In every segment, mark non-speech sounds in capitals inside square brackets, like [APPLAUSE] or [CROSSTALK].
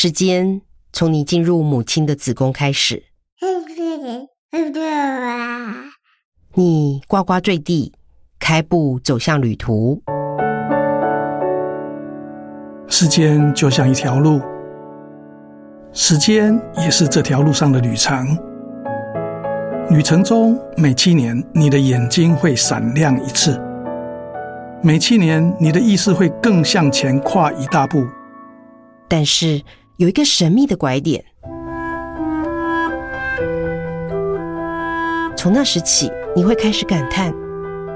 時間從你進入母親的子宮開始，你呱呱墜地，開步走向旅途。時間就像一條路，時間也是這條路上的旅程。旅程中每七年，你的眼睛會閃亮一次；每七年，你的意識會更向前跨一大步。但是，有一個神秘的拐點，從那時起，你會開始感嘆：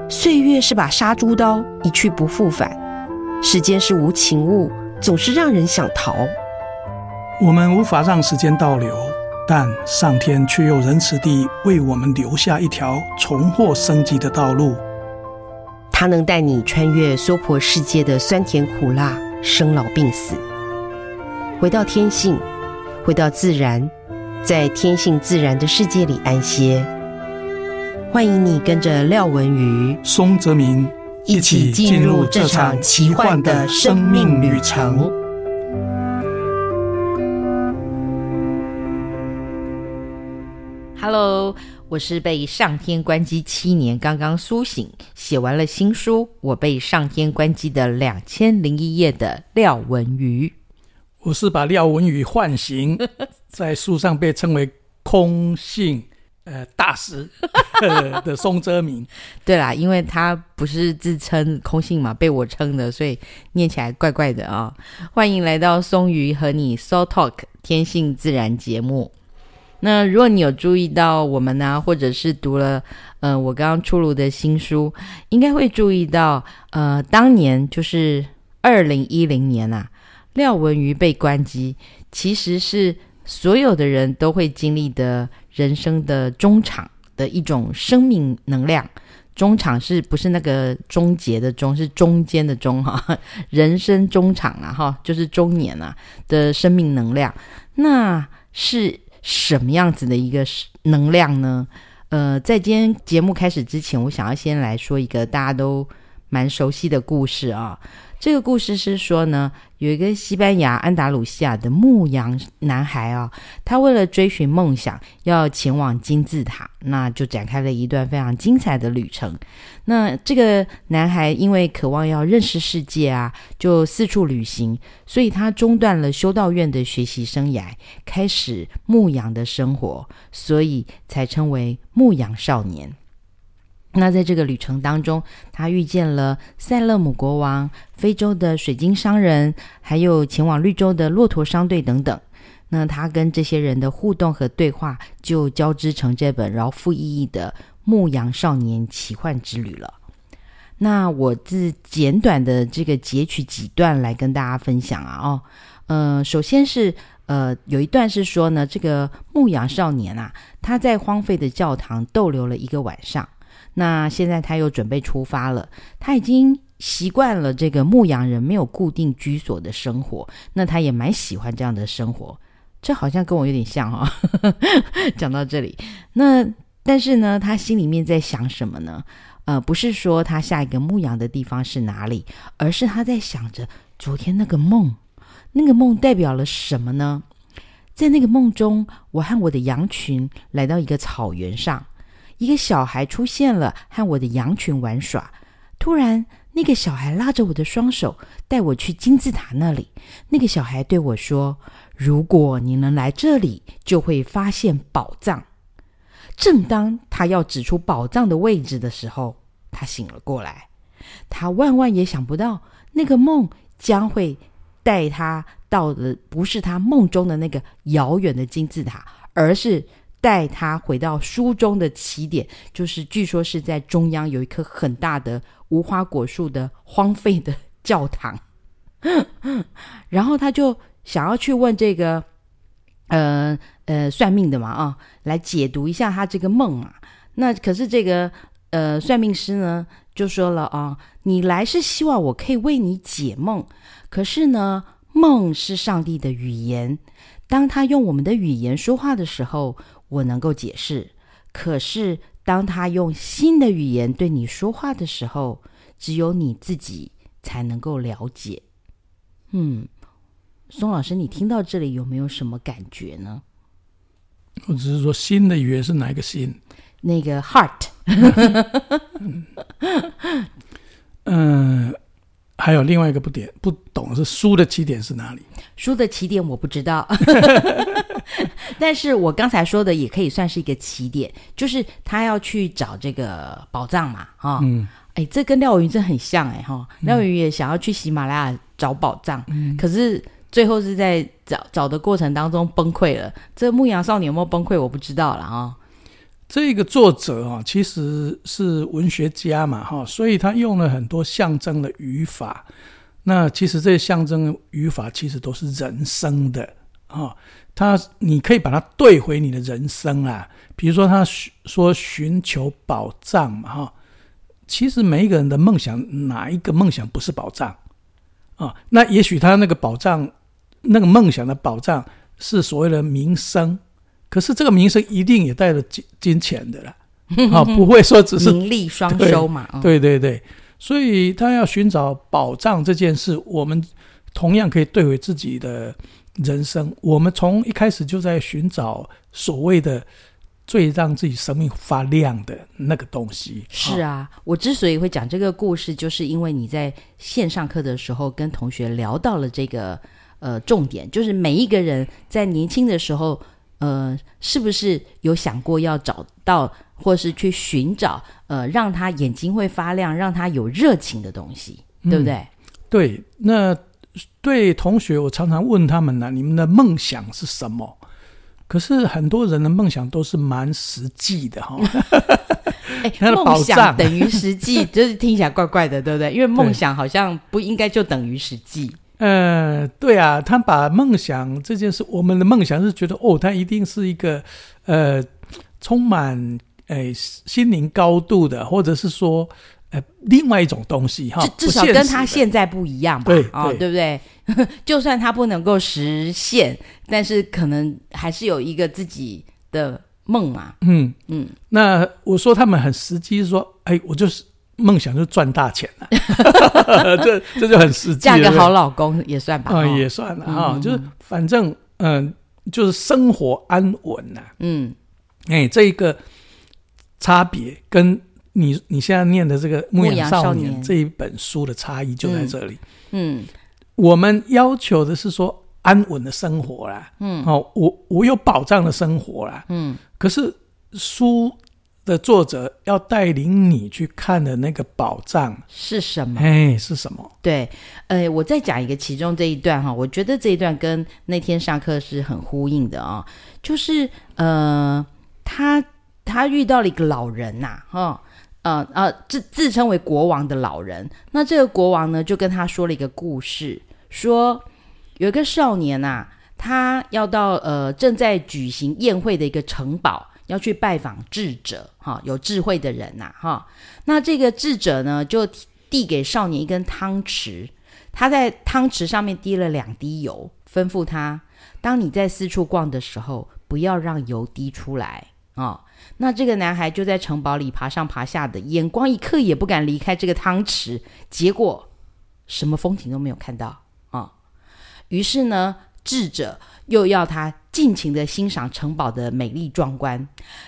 歲月是把殺豬刀，一去不復返；時間是無情物，總是讓人想逃。我們無法讓時間倒流，但上天卻又仁慈地為我們留下一條重獲生機的道路。它能帶你穿越娑婆世界的酸甜苦辣、生老病死。回到天性，回到自然，在天性自然的世界裡安歇。歡迎你跟着廖文瑜、松澤明一起進入這場奇幻的生命旅程。旅程 Hello，我是被上天關機七年，剛剛甦醒，寫完了新書《我被上天關機的兩千零一頁》的廖文瑜。我是把廖文瑜喚醒，在書上被稱為空性呃大師、呃、的松哲明 [LAUGHS] 對啦，因為他不是自稱空性嘛，被我稱的，所以念起來怪怪的啊。歡迎來到松瑜和你 Soul Talk 天性自然節目。那如果你有注意到我們呢、啊，或者是讀了呃我剛剛出爐的新書，應該會注意到呃當年就是二零一零年啊。廖文瑜被關機，其實是所有的人都會經歷的人生的中場的一種生命能量。中場是不是那個終結的終，是中間的中哈、哦？人生中場啊哈，就是中年啊的生命能量。那是什麼樣子的一個能量呢？呃，在今天節目開始之前，我想要先來說一個大家都蠻熟悉的故事啊、哦。這個故事是說呢。有一個西班牙安達魯西亞的牧羊男孩哦、啊，他為了追尋夢想，要前往金字塔，那就展開了一段非常精彩的旅程。那這個男孩因為渴望要認識世界啊，就四處旅行，所以他中斷了修道院的學習生涯，開始牧羊的生活，所以才稱為牧羊少年。那在這個旅程當中，他遇見了塞勒姆國王、非洲的水晶商人，還有前往綠洲的駱駝商隊等等。那他跟這些人的互動和對話，就交織成這本饒富意義的牧羊少年奇幻之旅了。那我自簡短的這個截取幾段來跟大家分享啊，哦，呃，首先是呃，有一段是說呢，這個牧羊少年啊，他在荒廢的教堂逗留了一個晚上。那現在他又準備出發了。他已經習慣了這個牧羊人沒有固定居所的生活，那他也蠻喜歡這樣的生活。這好像跟我有點像哈、哦。 [LAUGHS] 講到這裡，那但是呢，他心裡面在想什麼呢？呃，不是說他下一個牧羊的地方是哪裡，而是他在想着昨天那個夢，那個夢代表了什麼呢？在那個夢中，我和我的羊群來到一個草原上。一個小孩出現了，和我的羊群玩耍。突然，那個小孩拉着我的雙手，帶我去金字塔那裡。那個小孩對我說：“如果你能來這裡，就會發現寶藏。”正當他要指出寶藏的位置的時候，他醒了過來。他萬萬也想不到，那個夢將會帶他到的不是他夢中的那個遙遠的金字塔，而是……帶他回到書中的起點，就是據說是在中央有一棵很大的無花果樹的荒廢的教堂， [LAUGHS] 然後他就想要去問這個呃呃算命的嘛啊、哦，來解讀一下他這個夢啊。那可是這個呃算命師呢就說了啊、哦，你來是希望我可以為你解夢，可是呢夢是上帝的語言，當他用我們的語言說話的時候，我能夠解釋，可是當他用新的語言對你說話的時候，只有你自己才能夠了解。嗯，松老師，你聽到這裡有沒有什麼感覺呢？我只是說新的語言是哪一個新？那個 heart。 [LAUGHS] 嗯。嗯嗯還有另外一個不點不懂的是書的起點是哪裡？書的起點我不知道， [LAUGHS] [LAUGHS] 但是我剛才說的也可以算是一個起點，就是他要去找這個寶藏嘛，哈、哦，哎、嗯欸，這跟廖瑜真很像哎，哈、哦，廖瑜也想要去喜馬拉雅找寶藏，嗯、可是最後是在找找的過程當中崩潰了。這牧羊少年有沒有崩潰？我不知道啦，哈、哦。這個作者啊，其實是文學家嘛，哈，所以他用了很多象徵的語法。那其實這些象徵的語法，其實都是人生的啊。他，你可以把它對回你的人生啊。比如說，他說尋求寶藏嘛，哈，其實每一個人的夢想，哪一個夢想不是寶藏啊？那也許他那個寶藏，那個夢想的寶藏，是所謂的名聲。可是這個名聲一定也帶着金金錢的啦，啊、 [LAUGHS] 哦，不會說只是 [LAUGHS] 名利雙收嘛？對，嗯、對對對，所以他要尋找寶藏這件事，我們同樣可以對回自己的人生。我們從一開始就在尋找所謂的最讓自己生命發亮的那個東西。是啊，哦、我之所以會講這個故事，就是因為你在線上課的時候跟同學聊到了這個呃重點，就是每一個人在年輕的時候。呃，是不是有想過要找到，或是去尋找，呃，讓他眼睛會發亮，讓他有熱情的東西，嗯、對不對？對，那對同學，我常常問他們呢、啊，你們的夢想是什麼？可是很多人的夢想都是蠻實際的哈。 [LAUGHS] [LAUGHS] 哎，夢想等於實際， [LAUGHS] 就是聽起來怪怪的，對不對？因為夢想好像不應該就等於實際。嗯、呃，對啊，他把夢想這件事，我們的夢想是覺得哦，他一定是一個，呃，充滿哎、呃、心靈高度的，或者是說，呃，另外一種東西哈，至少跟他現在不一樣吧？對，對、哦，對不對？ [LAUGHS] 就算他不能夠實現，但是可能還是有一個自己的夢嘛。嗯嗯，嗯，那我說他們很實際，說，哎，我就是。夢想就賺大錢了 [LAUGHS] [LAUGHS] 這，這這就很實際。 [LAUGHS] 嫁個好老公也算吧、嗯，也算了、哦、嗯嗯就是反正嗯，就是生活安穩吶，嗯，哎、欸，這個差別跟你你現在念的這個《牧羊少年》這一本書的差異就在這裡，嗯,嗯，我們要求的是說安穩的生活啦、啊，嗯，好、哦，我我有保障的生活啦、啊，嗯，可是書。的作者要帶領你去看的那個寶藏是什麼？嘿，是什麼？對，呃、欸，我再講一個其中這一段哈，我覺得這一段跟那天上課是很呼應的啊、哦。就是呃，他他遇到了一個老人吶、啊，哈、哦，呃呃、啊，自自稱為國王的老人。那這個國王呢，就跟他說了一個故事，說有一個少年吶、啊，他要到呃正在舉行宴會的一個城堡。要去拜訪智者，哈、哦，有智慧的人吶、啊，哈、哦。那這個智者呢，就遞給少年一根湯匙，他在湯匙上面滴了兩滴油，吩咐他：當你在四處逛的時候，不要讓油滴出來啊、哦。那這個男孩就在城堡裡爬上爬下的，的眼光一刻也不敢離開這個湯匙，結果什麼風景都沒有看到啊、哦。於是呢，智者。又要他盡情的欣賞城堡的美麗壯觀，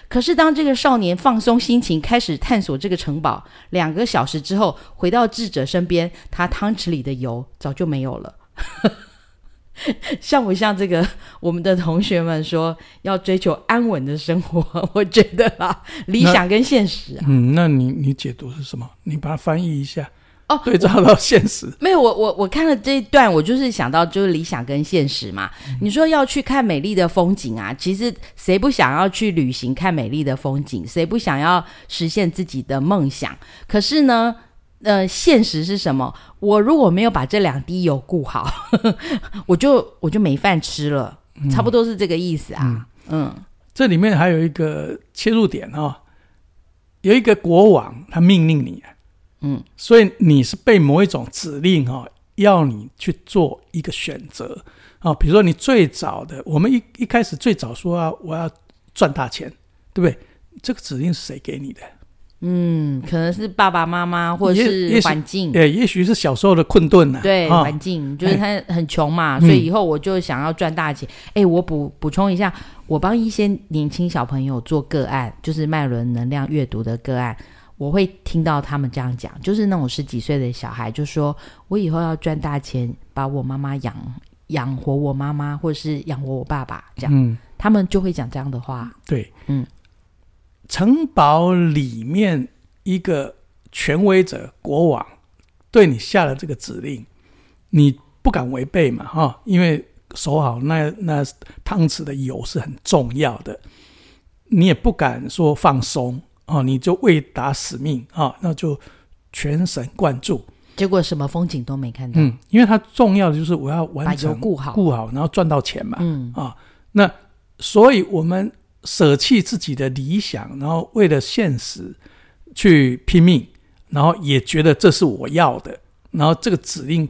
可是當這個少年放鬆心情，開始探索這個城堡，兩個小時之後回到智者身邊，他湯匙裡的油早就沒有了， [LAUGHS] 像不像這個我們的同學們說要追求安穩的生活？我覺得啊，理想跟現實啊，嗯，那你你解讀是什麼？你把它翻譯一下。哦，對照到現實沒有？我我我看了這一段，我就是想到就是理想跟現實嘛。嗯。你說要去看美麗的風景啊，其實誰不想要去旅行看美麗的風景？誰不想要實現自己的夢想？可是呢，呃，現實是什麼？我如果沒有把這兩滴油顧好，呵呵，我就我就沒飯吃了，嗯。差不多是這個意思啊。嗯，嗯，這裡面還有一個切入點啊，哦，有一個國王他命令你嗯，所以你是被某一種指令哈、哦，要你去做一個選擇啊、哦，比如說你最早的，我們一一開始最早說啊，我要賺大錢，對不對？這個指令是誰給你的？嗯，可能是爸爸媽媽，或者是環境，對，也許是小時候的困頓呢、啊。對，哦、環境就是他很窮嘛，欸、所以以後我就想要賺大錢。哎、嗯欸，我補補充一下，我幫一些年輕小朋友做個案，就是脈輪能量閱讀的個案。我會聽到他們這樣講，就是那種十幾歲的小孩就說：“我以後要賺大錢，把我媽媽養養活我媽媽，或者是養活我爸爸。”這樣，嗯、他們就會講這樣的話。對，嗯，城堡裡面一個權威者國王對你下了這個指令，你不敢違背嘛？哈、哦，因為守好那那湯匙的油是很重要的，你也不敢說放鬆。哦，你就為達使命啊、哦，那就全神貫注，結果什麼風景都沒看到。嗯，因為它重要的就是我要完成顧好顧好，然後賺到錢嘛。嗯啊、哦，那所以我們捨棄自己的理想，然後為了現實去拼命，然後也覺得這是我要的，然後這個指令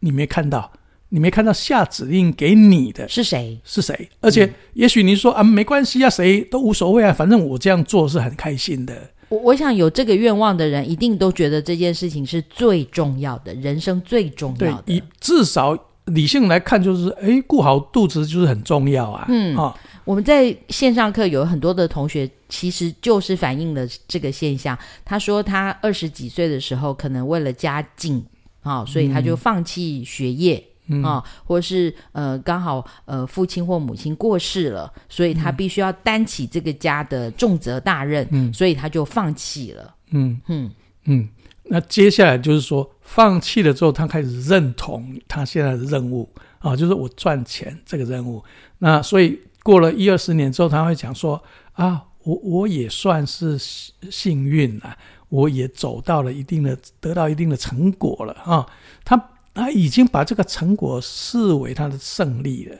你沒看到。你沒看到下指令給你的是誰？是誰？而且也許你說、嗯、啊，沒關係啊，誰都無所謂啊，反正我這樣做是很開心的。我我想有這個願望的人，一定都覺得這件事情是最重要的，人生最重要的。對，至少理性來看，就是誒、哎，顧好肚子就是很重要啊。嗯啊，哦、我們在線上課有很多的同學，其實就是反映了這個現象。他說他二十幾歲的時候，可能為了家境啊、哦，所以他就放棄學業。嗯啊、嗯哦，或是呃，剛好呃，父親或母親過世了，所以他必須要擔起這個家的重責大任，嗯、所以他就放棄了。嗯嗯嗯，嗯，嗯。那接下來就是說，放棄了之後，他開始認同他現在的任務啊，就是我賺錢這個任務。那所以過了一二十年之後，他會講說啊，我我也算是幸運啊，我也走到了一定的，得到一定的成果了啊。他。他、啊、已經把這個成果視為他的勝利了，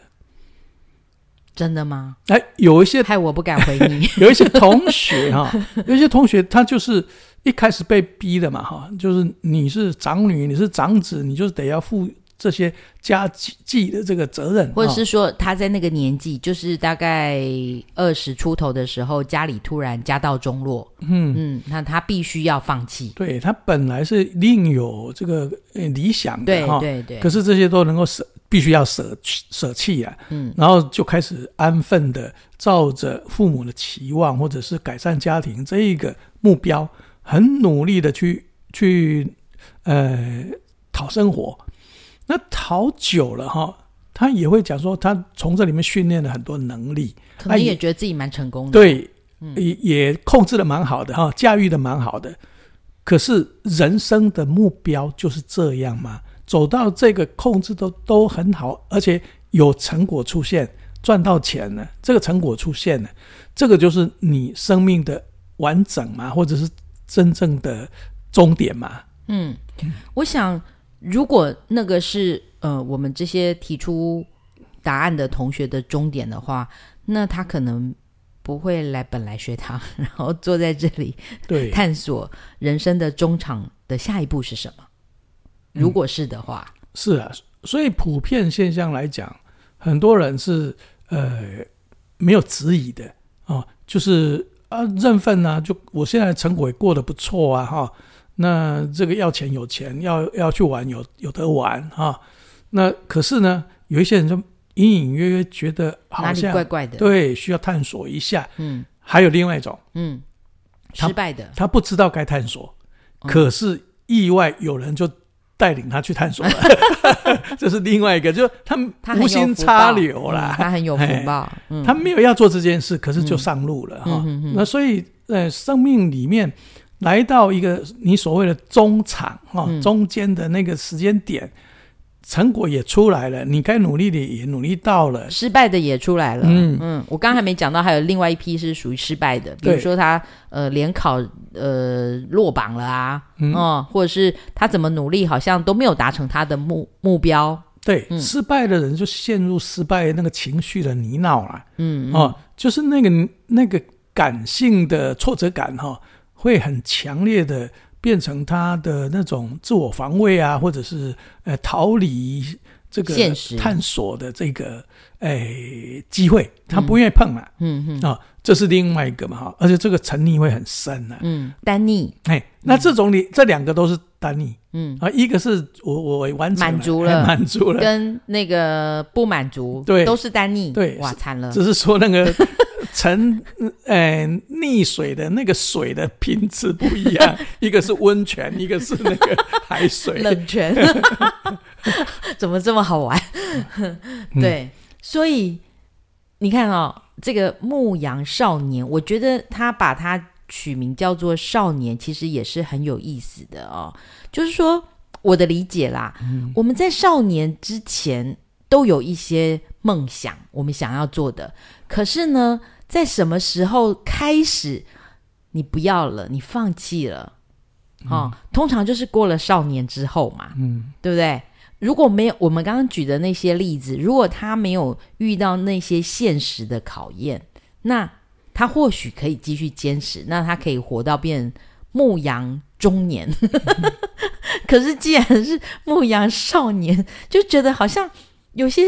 真的嗎？哎、啊，有一些害我不敢回應。 [LAUGHS] 有一些同學 [LAUGHS] 哈，有一些同學他就是一開始被逼的嘛哈，就是你是長女，你是長子，你就是得要負。這些家計的這個責任，或者是說他在那個年紀，就是大概二十出頭的時候，家裡突然家道中落，嗯嗯，那、嗯、他，他必須要放棄。對，他本來是另有這個理想的，對對對，對對，可是這些都能夠捨，必須要捨捨、捨棄啊，嗯，然後就開始安分的照着父母的期望，或者是改善家庭這一個目標，很努力的去去呃討生活。那逃久了哈、哦，他也會講說，他從這裡面訓練了很多能力，可能也覺得自己蠻成功的，啊、對，也、嗯、也控制的蠻好的哈、哦，駕馭的蠻好的。可是人生的目標就是這樣嗎？走到這個控制都都很好，而且有成果出現，賺到錢了，這個成果出現了，這個就是你生命的完整嘛，或者是真正的終點嘛？嗯，我想。如果那個是呃我們這些提出答案的同學的終點的話，那他可能不會來本來學堂，然後坐在這裡探索人生的中場的下一步是什麼？對如果是的話、嗯，是啊，所以普遍現象來講，很多人是呃沒有質疑的啊、哦，就是啊認分啊，就我現在成果也過得不錯啊哈。哦那這個要錢有錢，要要去玩有有得玩啊、哦！那可是呢，有一些人就隱隱約約覺得好像怪怪的，對，需要探索一下。嗯，還有另外一種，嗯，失敗的，他，他不知道該探索，嗯、可是意外有人就帶領他去探索了，這、嗯、 [LAUGHS] [LAUGHS] 是另外一個，就他無心插柳啦，他很有福報、嗯，他有福報嗯，哎，他沒有要做這件事，可是就上路了哈。那所以呃，生命裡面。來到一個你所謂的中場、哦、中間的那個時間點，嗯、成果也出來了，你該努力的也努力到了，失敗的也出來了。嗯嗯，我剛還沒講到，還有另外一批是屬於失敗的，對比如說他呃聯考呃落榜了啊，哦、嗯或者是他怎麼努力，好像都沒有達成他的目目標。對，嗯、失敗的人就陷入失敗那個情緒的泥淖了。嗯哦，嗯就是那個那個感性的挫折感哈。哦會很強烈的變成他的那種自我防衛啊，或者是呃逃離這個探索的這個誒、呃、機會，他不願意碰了、嗯，嗯嗯啊、哦，這是另外一個嘛哈，而且這個沉溺會很深呢、啊，嗯，耽溺。哎，那這種你、嗯、這兩個都是耽溺。嗯啊，一個是我我完全滿足了、哎，滿足了，跟那個不滿足，對，都是耽溺。對，哇慘了，只是說那個。嗯沉、呃，溺水的那個水的品質不一樣， [LAUGHS] 一個是溫泉，一個是那個海水。 [LAUGHS] 冷泉， [LAUGHS] 怎麼這麼好玩？嗯、 [LAUGHS] 對，所以你看啊、哦，這個牧羊少年，我覺得他把它取名叫做少年，其實也是很有意思的哦。就是說，我的理解啦，嗯、我們在少年之前都有一些夢想，我們想要做的，可是呢。在什麼時候開始，你不要了，你放棄了，啊、哦，嗯，通常就是過了少年之後嘛，嗯，對不對？如果沒有我們剛剛舉的那些例子，如果他沒有遇到那些現實的考驗，那他或許可以繼續堅持，那他可以活到變牧羊中年。 [LAUGHS] 可是既然是牧羊少年，就覺得好像有些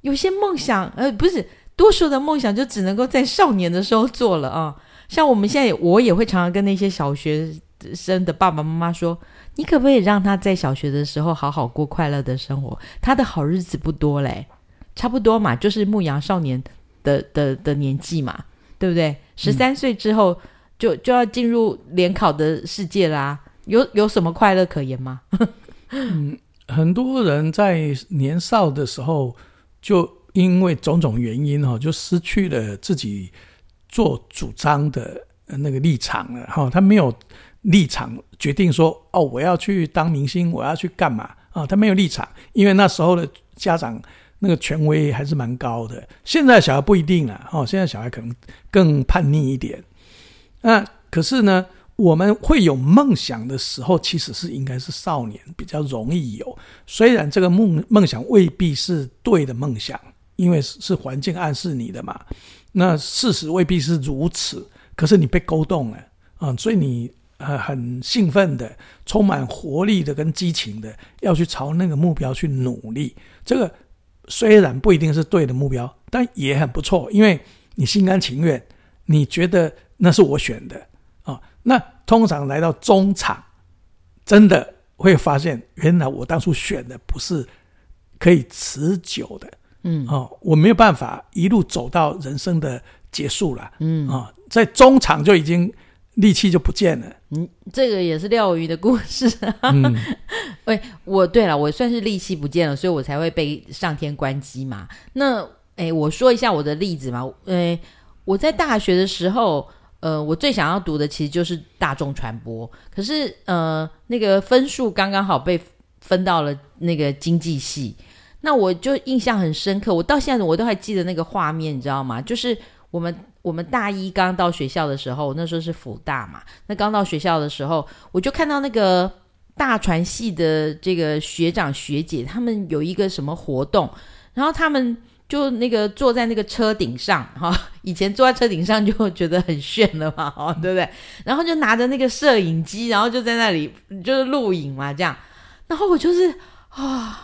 有些夢想，呃，不是。多數的夢想就只能夠在少年的時候做了啊！像我們現在，我也會常常跟那些小學生的爸爸媽媽說：“你可不可以讓他在小學的時候好好過快樂的生活？他的好日子不多嘞、欸，差不多嘛，就是牧羊少年的的的、的年紀嘛，對不對？十三歲之後就、嗯、就、就要進入聯考的世界啦、啊，有有什麼快樂可言嗎？ [LAUGHS] 嗯？”很多人在年少的時候就。因為種種原因哈，就失去了自己做主張的那個立場了哈。他沒有立場決定說哦，我要去當明星，我要去幹嘛啊？哦，他沒有立場，因為那時候的家長那個權威還是蠻高的。現在小孩不一定了哈，現在小孩可能更叛逆一點。那，可是呢，我們會有夢想的時候，其實是應該是少年比較容易有。雖然這個夢夢想未必是對的夢想。因為是環境暗示你的嘛，那事實未必是如此，可是你被勾動了啊，所以你呃很興奮的、充滿活力的、跟激情的，要去朝那個目標去努力。這個雖然不一定是對的目標，但也很不錯，因為你心甘情願，你覺得那是我選的啊。那通常來到中場，真的會發現，原來我當初選的不是可以持久的。嗯哦，我沒有辦法一路走到人生的結束了。嗯啊、哦，在中場就已經力氣就不見了。嗯，這個也是廖瑜的故事啊。嗯、喂，我對了，我算是力氣不見了，所以我才會被上天關機嘛。那哎、欸，我說一下我的例子嘛。誒、欸、我在大學的時候，呃，我最想要讀的其實就是大眾傳播，可是呃，那個分數剛剛好被分到了那個經濟系。那我就印象很深刻，我到現在我都還記得那個畫面，你知道嗎？就是我們我們大一剛到學校的時候，那時候是輔大嘛。那剛到學校的時候，我就看到那個大傳系的這個學長學姐他們有一個什麼活動，然後他們就那個坐在那個車頂上，哈、哦，以前坐在車頂上就覺得很炫了嘛，哦，對不對？然後就拿着那個攝影機，然後就在那裡就是錄影嘛，這樣。然後我就是啊。哦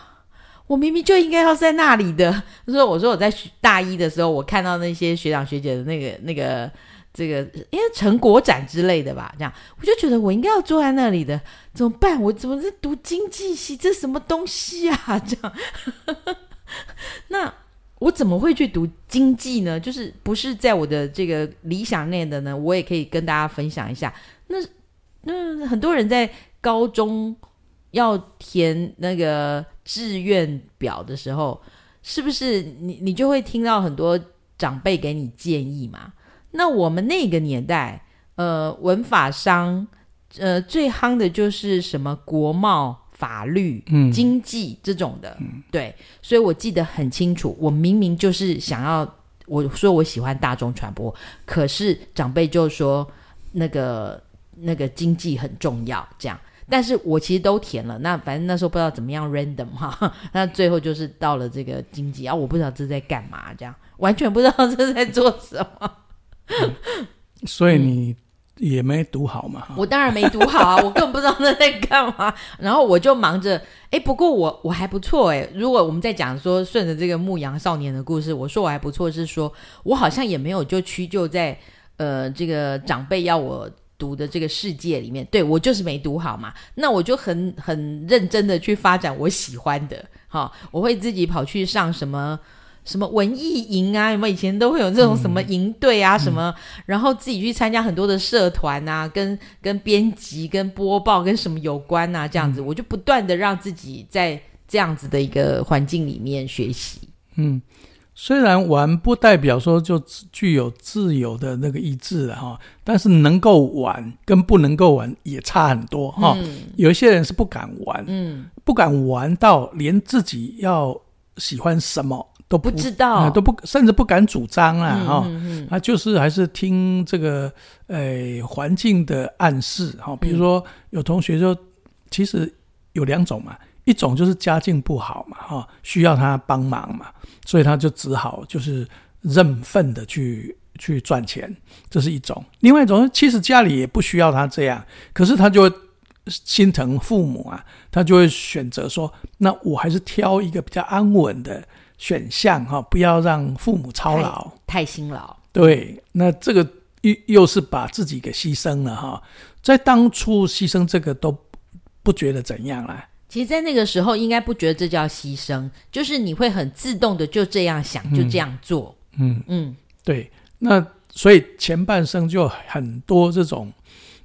我明明就應該要是在那裡的。他說：“我說我在大一的時候，我看到那些學長學姐的那個、那個、這個，因為成果展之類的吧，這樣我就覺得我應該要坐在那裡的。怎麼辦？我怎麼是讀經濟系？這什麼東西啊？這樣呵呵，那我怎麼會去讀經濟呢？就是不是在我的這個理想內的呢？我也可以跟大家分享一下。那那很多人在高中。”要填那個志願表的時候，是不是你你就會聽到很多長輩給你建議嘛？那我們那個年代，呃，文法商，呃，最夯的就是什麼國貿、法律、嗯、經濟這種的，嗯、對。所以我記得很清楚，我明明就是想要我說我喜歡大眾傳播，可是長輩就說那個那個經濟很重要，這樣。但是我其實都填了，那反正那時候不知道怎麼樣 random 哈、啊，那最後就是到了這個經濟啊、哦，我不知道這在幹嘛，這樣完全不知道這在做什麼、嗯，所以你也沒讀好嘛？嗯、我當然沒讀好啊， [LAUGHS] 我更不知道這在幹嘛，然後我就忙着，哎、欸，不過我我還不錯哎、欸，如果我們在講說順着這個牧羊少年的故事，我說我還不錯，是說我好像也沒有就屈就在呃這個長輩要我。讀的這個世界裡面，對我就是沒讀好嘛，那我就很很認真的去發展我喜歡的，哈，我會自己跑去上什麼什麼文藝營啊，有沒有以前都會有這種什麼營隊啊、嗯、什麼，嗯、然後自己去參加很多的社團啊，跟跟編輯、跟播報跟什麼有關啊，這樣子，嗯、我就不斷的讓自己在這樣子的一個環境裡面學習，嗯。雖然玩不代表說就具有自由的那個意志了，哈，但是能夠玩跟不能夠玩也差很多哈、嗯哦。有一些人是不敢玩，嗯、不敢玩到連自己要喜歡什麼都不，不知道，呃、都不甚至不敢主張了啊、嗯嗯嗯呃。就是還是聽這個誒、呃、環境的暗示哈、哦。比如說，有同學就，嗯、其實有兩種嘛。一種就是家境不好嘛，哈，需要他幫忙嘛，所以他就只好就是認份的去去賺錢，這是一種。另外一種其實家裡也不需要他這樣，可是他就會心疼父母啊，他就會選擇說，那我還是挑一個比較安穩的選項哈，不要讓父母操勞，太，太辛勞。對，那這個又又是把自己給犧牲了哈，在當初犧牲這個都不覺得怎樣啦、啊。其實，在那個時候，應該不覺得這叫犧牲，就是你會很自動的就這樣想，嗯、就這樣做。嗯嗯，嗯對。那所以前半生就很多這種，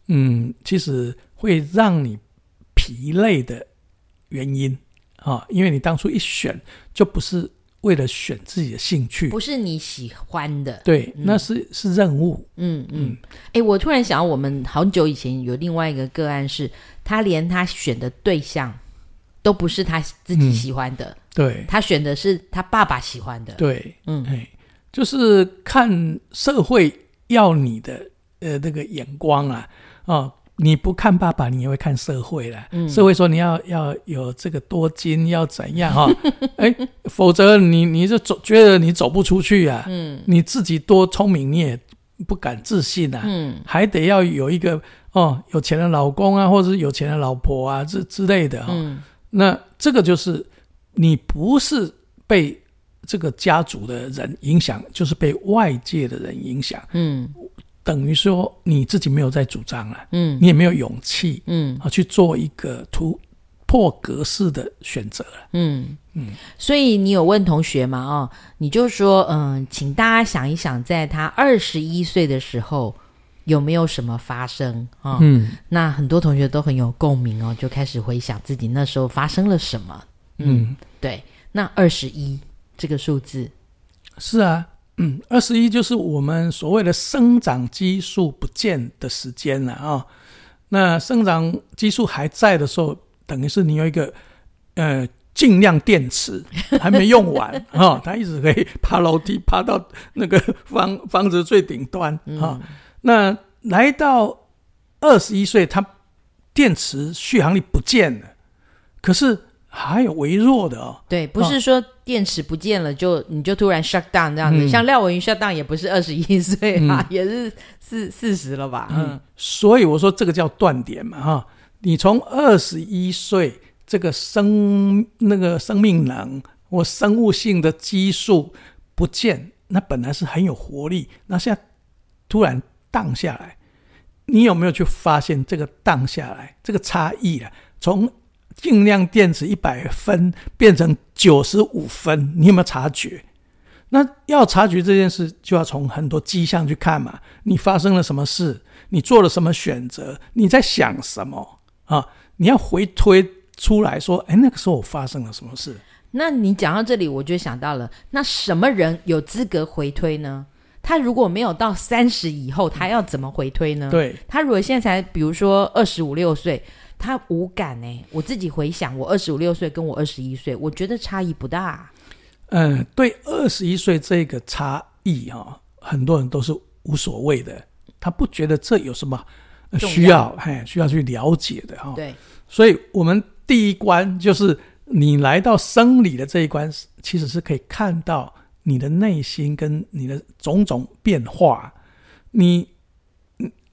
嗯，其實會讓你疲累的原因啊，因為你當初一選，就不是為了選自己的興趣，不是你喜歡的。對，嗯、那是是任務。嗯嗯。哎、嗯欸，我突然想到，我們好久以前有另外一個個案是，是他連他選的對象。都不是他自己喜歡的，嗯、對，他選的是他爸爸喜歡的，對，嗯，就是看社會要你的，呃，那個眼光啊，哦，你不看爸爸，你也會看社會啦，嗯，社會說你要要有這個多金，要怎樣哈？哎、哦 [LAUGHS] 欸，否則你你就走，覺得你走不出去啊，嗯，你自己多聰明，你也不敢自信啊，嗯，還得要有一個哦，有錢的老公啊，或者是有錢的老婆啊，這之類的、哦、嗯那這個就是你不是被這個家族的人影響，就是被外界的人影響。嗯，等於說你自己沒有再主張了、啊，嗯，你也沒有勇氣、啊，嗯，啊去做一個突破格式的選擇、啊。嗯嗯，所以你有問同學嗎？啊、哦，你就說，嗯，請大家想一想，在他二十一歲的時候。有沒有什麼發生啊？哦、嗯，那很多同學都很有共鳴哦，就開始回想自己那時候發生了什麼。嗯，嗯對，那二十一這個數字，是啊，嗯，二十一就是我們所謂的生長激素不見的時間了啊、哦。那生長激素還在的時候，等於是你有一個呃，盡量電池還沒用完啊，它、 [LAUGHS] 哦、一直可以爬樓梯，爬到那個房房子最頂端啊。哦嗯那來到二十一歲，它電池續航力不見了，可是還有微弱的哦。對，不是說電池不見了就、哦、你就突然 shut down 這樣子。嗯、像廖文瑜 shut down 也不是二十一歲啊，嗯、也是四四十了吧。嗯，嗯，所以我說這個叫斷點嘛哈、哦。你從二十一歲這個生那個生命能，或生物性的激素不見，那本來是很有活力，那現在突然。蕩下來，你有沒有去發現這個蕩下來這個差異啊？從盡量電池一百分變成九十五分，你有沒有察覺？那要察覺這件事，就要從很多跡象去看嘛。你發生了什麼事？你做了什麼選擇？你在想什麼啊？你要回推出來，說，哎、欸，那個時候我發生了什麼事？那你講到這裡，我就想到了，那什麼人有資格回推呢？他如果沒有到三十以後，他要怎麼回推呢？嗯、對，他如果現在才，比如說二十五六歲，他無感呢？欸，我自己回想，我二十五六歲跟我二十一歲，我覺得差異不大。嗯，對，二十一歲這個差異哈、哦，很多人都是無所謂的，他不覺得這有什麼需要哎，要需要去了解的哈、哦。對，所以我們第一關就是你來到生理的這一關，其實是可以看到你的內心跟你的種種變化，你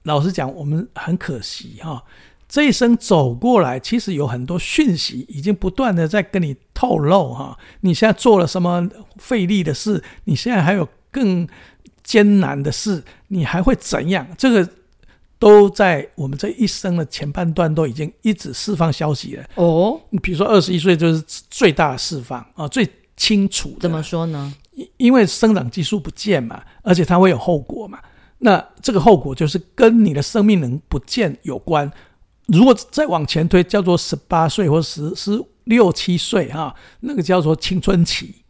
老實講，我們很可惜哈、啊，這一生走過來，其實有很多訊息已經不斷的在跟你透露哈、啊。你現在做了什麼費力的事？你現在還有更艱難的事？你還會怎樣？這個都在我們這一生的前半段都已經一直釋放消息了。哦，你比如說二十一歲就是最大的釋放啊，最清楚。怎麼說呢？因因為生長激素不見嘛，而且它會有後果嘛。那這個後果就是跟你的生命能不見有關。如果再往前推，叫做十八歲或十十六七歲哈，那個叫做青春期，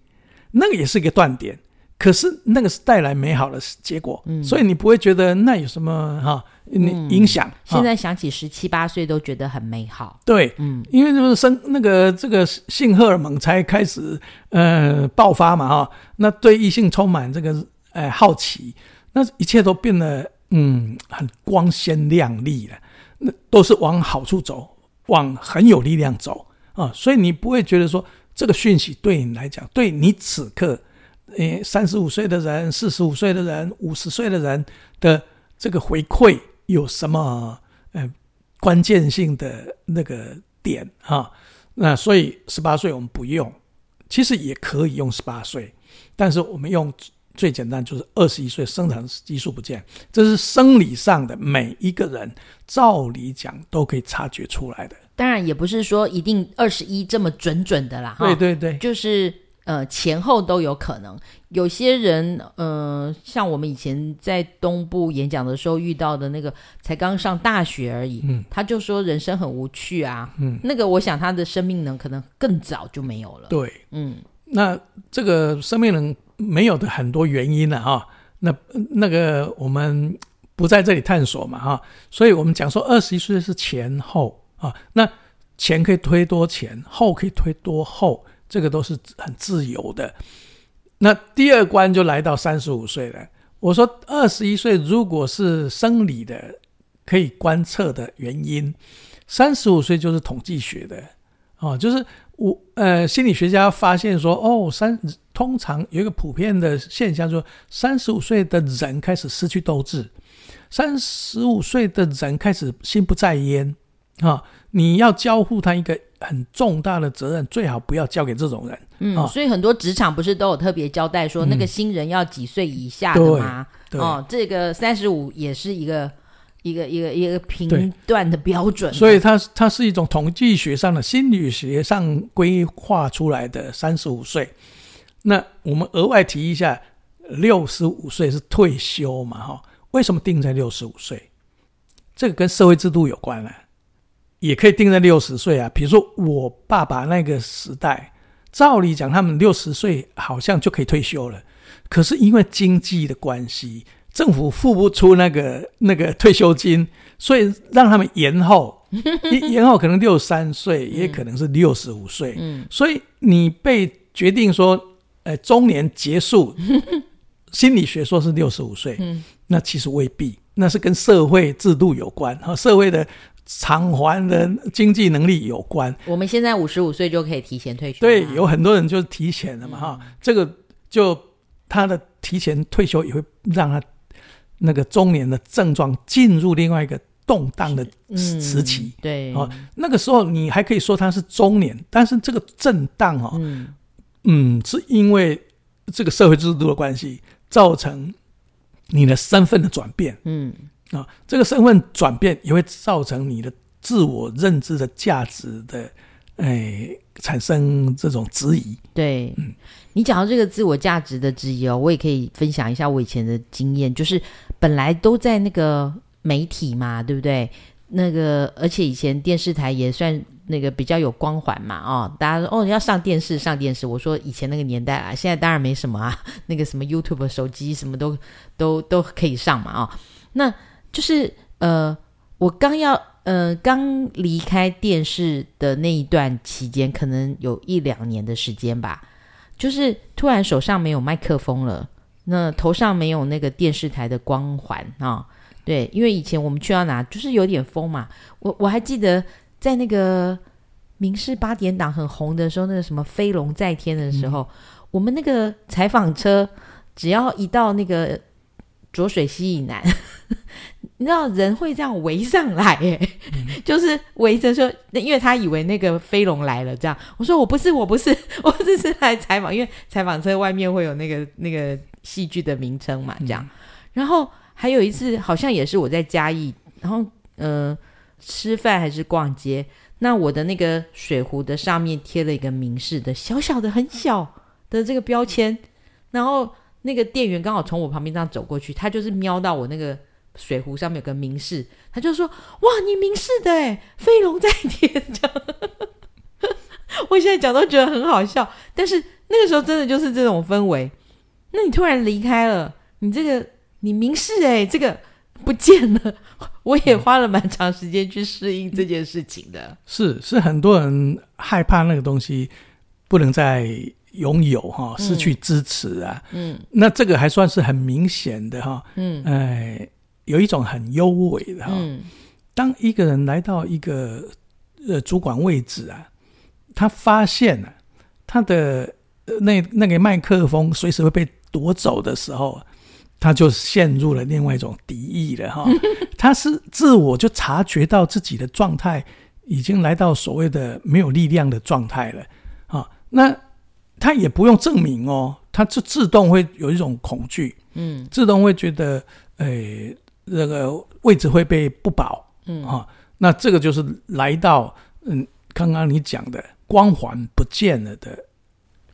那個也是一個斷點。可是那個是帶來美好的結果，嗯、所以你不會覺得那有什麼哈，影響、嗯。現在想起十七八歲都覺得很美好。對，嗯、因為就是生那個這個性荷爾蒙才開始呃爆發嘛，哈，那對異性充滿這個、呃、好奇，那一切都變得嗯很光鮮亮麗了，那都是往好處走，往很有力量走、啊、所以你不會覺得說這個訊息對你來講，對你此刻。呃，三十五歲的人、四十五歲的人、五十歲的人的這個回饋有什麼呃關鍵性的那個點啊、哦？那所以十八歲我們不用，其實也可以用十八歲，但是我們用最簡單就是二十一歲生長激素不見，這是生理上的每一個人照理講都可以察覺出來的。當然也不是說一定二十一這麼準準的啦，嗯哦、對對對，就是。呃，前後都有可能。有些人，呃，像我們以前在東部演講的時候遇到的那個，才剛上大學而已，嗯，他就說人生很無趣啊，嗯，那個我想他的生命能可能更早就沒有了。對，嗯，那這個生命能沒有的很多原因呢。哈，那那個我們不在這裡探索嘛、哦，哈，所以我們講說二十一歲是前後啊，那前可以推多前，後可以推多後。這個都是很自由的。那第二關就來到三十五歲了。我說二十一歲如果是生理的可以觀測的原因，三十五歲就是統計學的哦，就是我呃心理學家發現說，哦，三通常有一個普遍的現象，就是，說三十五歲的人開始失去鬥志，三十五歲的人開始心不在焉啊，哦。你要交互他一個很重大的責任，最好不要交給這種人。嗯，哦、所以很多職場不是都有特別交代說，那個新人要幾歲以下的嗎？嗯、對哦，這個三十五也是一個一個一個一個評斷的標準。所以它它是一種統計學上的心理學上規劃出來的三十五歲。嗯、那我們額外提一下，六十五歲是退休嘛？哈、哦，為什麼定在六十五歲？這個跟社會制度有關呢、啊。也可以定在六十歲啊，比如說我爸爸那個時代，照理講他們六十歲好像就可以退休了，可是因為經濟的關係，政府付不出那個那個退休金，所以讓他們延後， [LAUGHS] 延後可能六十三歲，也可能是六十五歲。嗯，所以你被決定說，呃，中年結束， [LAUGHS] 心理學說是六十五歲，嗯，那其實未必，那是跟社會制度有關啊，哦，社會的。償還的經濟能力有關。我們現在五十五歲就可以提前退休。對，有很多人就是提前了嘛，哈、嗯，這個就他的提前退休也會讓他那個中年的症狀進入另外一個動盪的時期。嗯嗯、對，哦，那個時候你還可以說他是中年，但是這個震盪哦，嗯，嗯，是因為這個社會制度的關係造成你的身份的轉變。嗯。那、哦、這個身份轉變也會造成你的自我認知的價值的，哎，產生這種質疑。對、嗯、你講到這個自我價值的質疑哦，我也可以分享一下我以前的經驗，就是本來都在那個媒體嘛，對不對？那個而且以前電視台也算那個比較有光環嘛，哦，大家說哦，你要上電視上電視。我說以前那個年代啊，現在當然沒什麼啊，那個什麼 YouTube 手機什麼都都都可以上嘛，哦，那。就是呃，我剛要呃剛離開電視的那一段期間，可能有一兩年的時間吧。就是突然手上沒有麥克風了，那頭上沒有那個電視台的光環啊、哦。對，因為以前我們去到哪，就是有點風嘛。我我還記得在那個民視八點檔很紅的時候，那個什麼《飛龍在天》的時候，嗯、我們那個採訪車只要一到那個濁水溪以南。你知道人會這樣圍上來耶，哎、嗯，就是圍着說，因為他以為那個飛龍來了，這樣。我說我不是，我不是，我只是來採訪，因為採訪車外面會有那個那個戲劇的名稱嘛，這樣。嗯、然後還有一次，好像也是我在嘉義，然後呃吃飯還是逛街，那我的那個水壺的上面貼了一個民視的小小的很小的這個標籤，然後那個店員剛好從我旁邊這樣走過去，他就是瞄到我那個。水壺上面有個民視，他就說：“哇，你民視的哎，飛龍在天。” [LAUGHS] 我現在講都覺得很好笑，但是那個時候真的就是這種氛圍。那你突然離開了，你這個你民視哎，這個不見了，我也花了蠻長時間去適應這件事情的。是、嗯、是，是很多人害怕那個東西不能再擁有哈，失去支持啊。嗯，嗯那這個還算是很明顯的哈。呃、嗯，哎。有一種很幽微的哈，當一個人來到一個呃主管位置啊，他發現呢、啊，他的那那個麥克風隨時會被奪走的時候，他就陷入了另外一種敵意了哈。他是自我就察覺到自己的狀態已經來到所謂的沒有力量的狀態了。那他也不用證明哦，他就自動會有一種恐懼，自動會覺得、欸那個位置會被不保，嗯哈、啊，那這個就是來到，嗯，剛剛你講的光環不見了的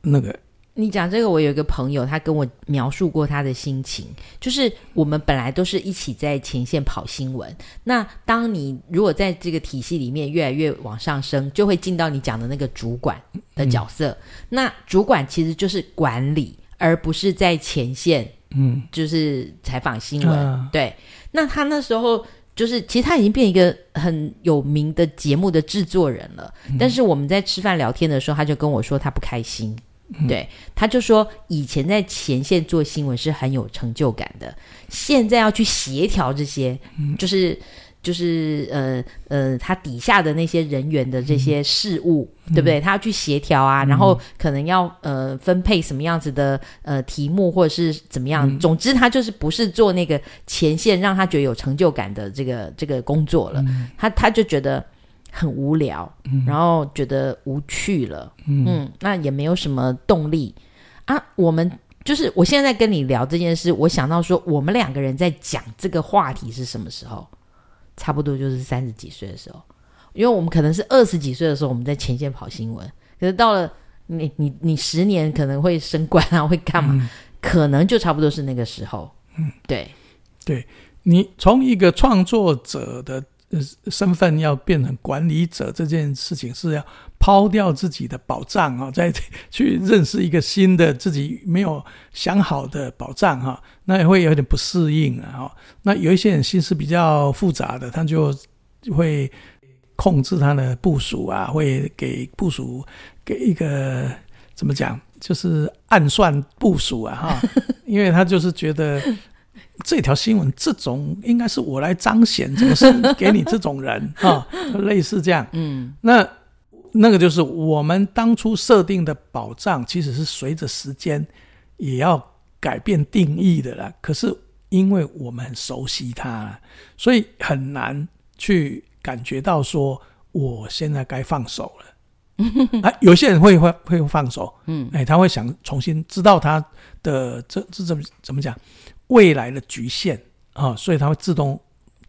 那個。你講這個，我有一個朋友，他跟我描述過他的心情，就是我們本來都是一起在前線跑新聞，那當你如果在這個體系裡面越來越往上升，就會進到你講的那個主管的角色，嗯、那主管其實就是管理，而不是在前線。嗯，就是採訪新聞，啊、對。那他那時候就是，其實他已經變一個很有名的節目的製作人了。嗯、但是我們在吃飯聊天的時候，他就跟我說他不開心。嗯、對，他就說以前在前線做新聞是很有成就感的，現在要去協調這些，嗯、就是。就是呃、呃，他底下的那些人員的這些事務，嗯、對不對？他要去協調啊，嗯、然後可能要呃分配什麼樣子的呃題目或者是怎麼樣。嗯、總之，他就是不是做那個前線，讓他覺得有成就感的這個這個工作了。嗯、他他就覺得很無聊，嗯、然後覺得無趣了。嗯，嗯，那也沒有什麼動力啊。我們就是我現在跟你聊這件事，我想到說，我們兩個人在講這個話題是什麼時候？差不多就是三十幾歲的時候，因為我們可能是二十幾歲的時候，我們在前線跑新聞。可是到了你你你十年可能會升官啊，會幹嘛？嗯，可能就差不多是那個時候。嗯，對，對你從一個創作者的。呃，身份要變成管理者這件事情，是要拋掉自己的保障，再去認識一個新的自己沒有想好的保障，那也會有點不適應，那有一些人心是比較複雜的，他就會控制他的部屬啊，會給部屬給一個怎麼講，就是暗算部屬啊 [LAUGHS] 因為他就是覺得。這條新聞，這種應該是我來彰顯，怎麼是給你這種人啊？ [LAUGHS] 哦、類似這樣。嗯，那那個就是我們當初設定的保障，其實是隨着時間也要改變定義的啦。可是因為我們很熟悉他，所以很難去感覺到說我現在該放手了。嗯啊、有些人會會會放手。嗯、哎，他會想重新知道他的這這怎麼怎麼講。未來的局限啊、哦，所以他會自動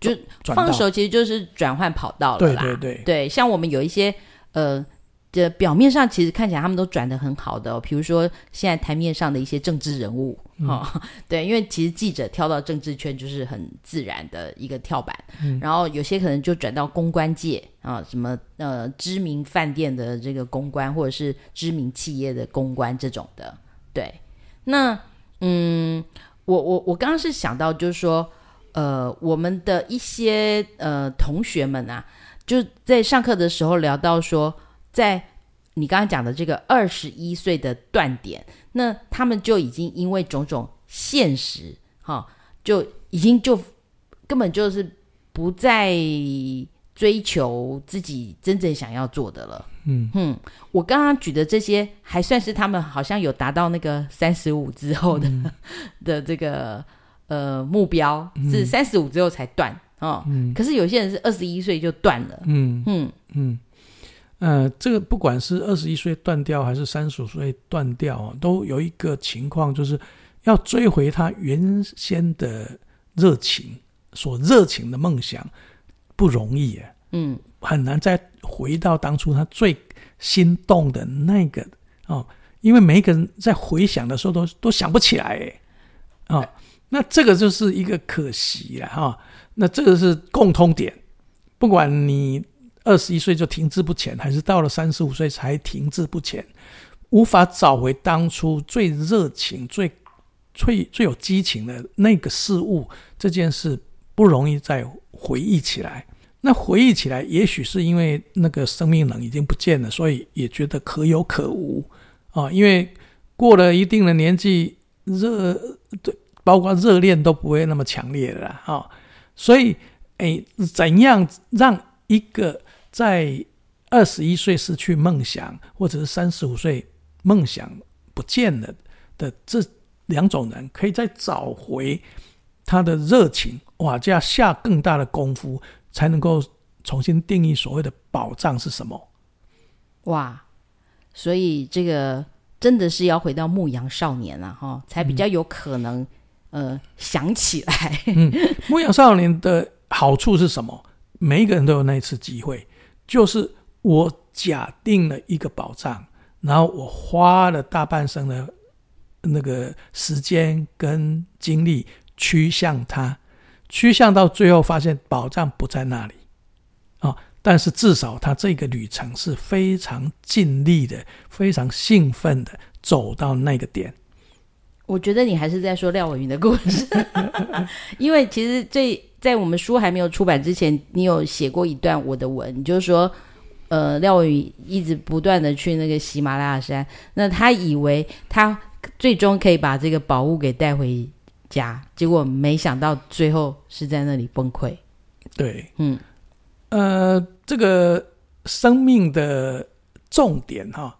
就放手，其實就是轉換跑道了，對對對對。像我們有一些呃，這表面上其實看起來他們都轉得很好的、哦，比如說現在台面上的一些政治人物啊，哦嗯、對，因為其實記者跳到政治圈就是很自然的一個跳板，嗯、然後有些可能就轉到公關界啊、呃，什麼呃知名飯店的這個公關，或者是知名企業的公關這種的，對，那嗯。我我我剛剛是想到，就是說，呃，我們的一些呃同學們啊，就在上課的時候聊到說，在你剛剛講的這個二十一歲的斷點，那他們就已經因為種種現實，哈、哦，就已經就根本就是不在。追求自己真正想要做的了，嗯哼、嗯，我剛剛舉的這些還算是他們好像有達到那個三十五之後的、嗯、 [LAUGHS] 的這個呃目標，嗯、是三十五之後才斷哦。嗯、可是有些人是二十一歲就斷了，嗯嗯嗯，呃，這個不管是二十一歲斷掉還是三十五歲斷掉、哦，都有一個情況，就是要追回他原先的熱情，所熱情的夢想。不容易啊，嗯，很難再回到當初他最心動的那個哦，因為每一個人在回想的時候都都想不起來欸，哦，那這個就是一個可惜了哈，哦。那這個是共通點，不管你二十一歲就停滯不前，還是到了三十五歲才停滯不前，無法找回當初最熱情、最最最有激情的那個事物，這件事不容易再回憶起來。那回憶起來，也許是因為那個生命能已經不見了，所以也覺得可有可無啊，哦。因為過了一定的年紀，熱對包括熱戀都不會那麼強烈了，哦，所以，哎，怎樣讓一個在二十一歲失去夢想，或者是三十五歲夢想不見了的這兩種人，可以再找回他的熱情？哇，就要下更大的功夫。才能夠重新定義所謂的寶藏是什麼？哇！所以這個真的是要回到牧羊少年了哈，才比較有可能，嗯、呃想起來 [LAUGHS] 、嗯。牧羊少年的好處是什麼？每一個人都有那一次機會，就是我假定了一個寶藏，然後我花了大半生的那個時間跟精力趨向它。趨向到最後，發現寶藏不在那裡啊、哦！但是至少他這個旅程是非常盡力的、非常興奮的走到那個點。我覺得你還是在說廖文瑜的故事， [LAUGHS] 因為其實這在我們書還沒有出版之前，你有寫過一段我的文，你就是說，呃，廖文瑜一直不斷的去那個喜馬拉雅山，那他以為他最終可以把這個寶物給帶回家，結果沒想到最後是在那裡崩潰。對，嗯，呃，這個生命的重點哈，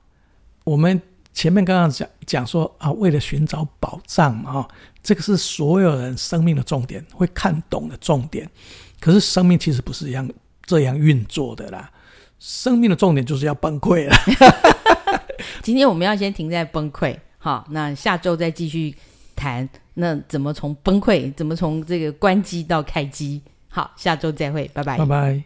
我們前面剛剛講講說啊，為了尋找寶藏哈，這個是所有人生命的重點，會看懂的重點。可是生命其實不是一樣這樣運作的啦，生命的重點就是要崩潰了。 [LAUGHS] 今天我們要先停在崩潰，好，那下周再繼續。談，那怎麼從崩潰，怎麼從這個關機到開機？好，下周再會，拜拜，拜拜。